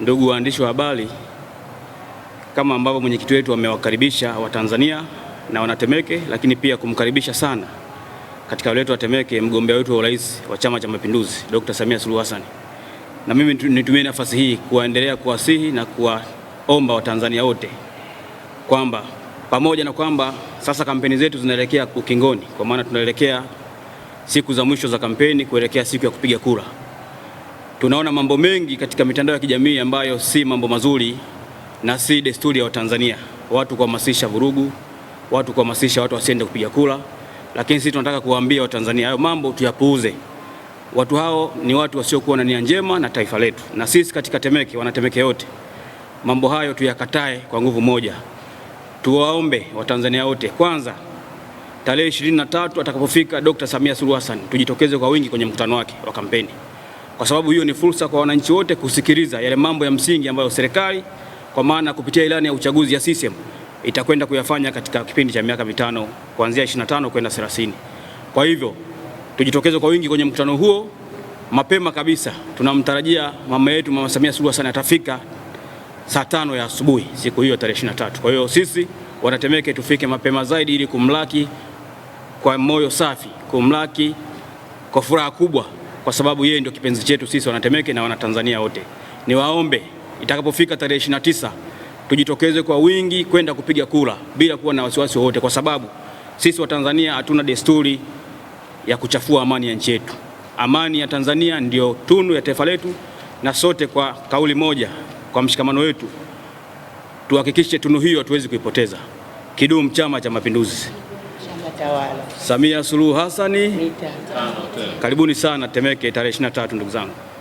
Ndugu waandishi wa habari, kama ambavyo mwenyekiti wetu amewakaribisha wa Watanzania na Wanatemeke, lakini pia kumkaribisha sana katika wetu wa Temeke mgombea wetu wa urais wa Chama cha Mapinduzi Dr. Samia Suluhu Hassan, na mimi nitumie nafasi hii kuwaendelea kuwasihi na kuwaomba Watanzania wote kwamba pamoja na kwamba sasa kampeni zetu zinaelekea ukingoni, kwa maana tunaelekea siku za mwisho za kampeni kuelekea siku ya kupiga kura. Tunaona mambo mengi katika mitandao ya kijamii ambayo si mambo mazuri na si desturi ya Watanzania, watu kuhamasisha vurugu, watu kuhamasisha watu wasiende kupiga kura, lakini sisi tunataka kuwaambia Watanzania hayo mambo tuyapuuze. Watu hao ni watu wasiokuwa na nia njema na taifa letu, na sisi katika Temeke, wanatemeke wote, mambo hayo tuyakatae kwa nguvu moja. Tuwaombe Watanzania wote kwanza, tarehe 23 atakapofika Dr. Samia Suluhu Hassan, tujitokeze kwa wingi kwenye mkutano wake wa kampeni kwa sababu hiyo ni fursa kwa wananchi wote kusikiliza yale mambo ya msingi ambayo serikali kwa maana kupitia ilani ya uchaguzi ya CCM itakwenda kuyafanya katika kipindi cha miaka mitano kuanzia 25 kwenda 30. Kwa hivyo tujitokeze kwa wingi kwenye mkutano huo mapema kabisa. Tunamtarajia mama yetu Mama Samia Suluhu Hassan atafika saa tano ya asubuhi siku hiyo tarehe 23. Kwa hiyo sisi wanatemeke tufike mapema zaidi ili kumlaki kwa moyo safi, kumlaki kwa furaha kubwa kwa sababu yeye ndio kipenzi chetu sisi Wanatemeke na Wanatanzania wote. Niwaombe itakapofika tarehe 29 tujitokeze kwa wingi kwenda kupiga kura bila kuwa na wasiwasi wowote, kwa sababu sisi Watanzania hatuna desturi ya kuchafua amani ya nchi yetu. Amani ya Tanzania ndiyo tunu ya taifa letu, na sote kwa kauli moja, kwa mshikamano wetu tuhakikishe tunu hiyo hatuwezi kuipoteza. Kidumu Chama cha Mapinduzi! Tawala. Samia Suluhu Hassani, ah, karibuni sana Temeke tarehe 23 ndugu zangu.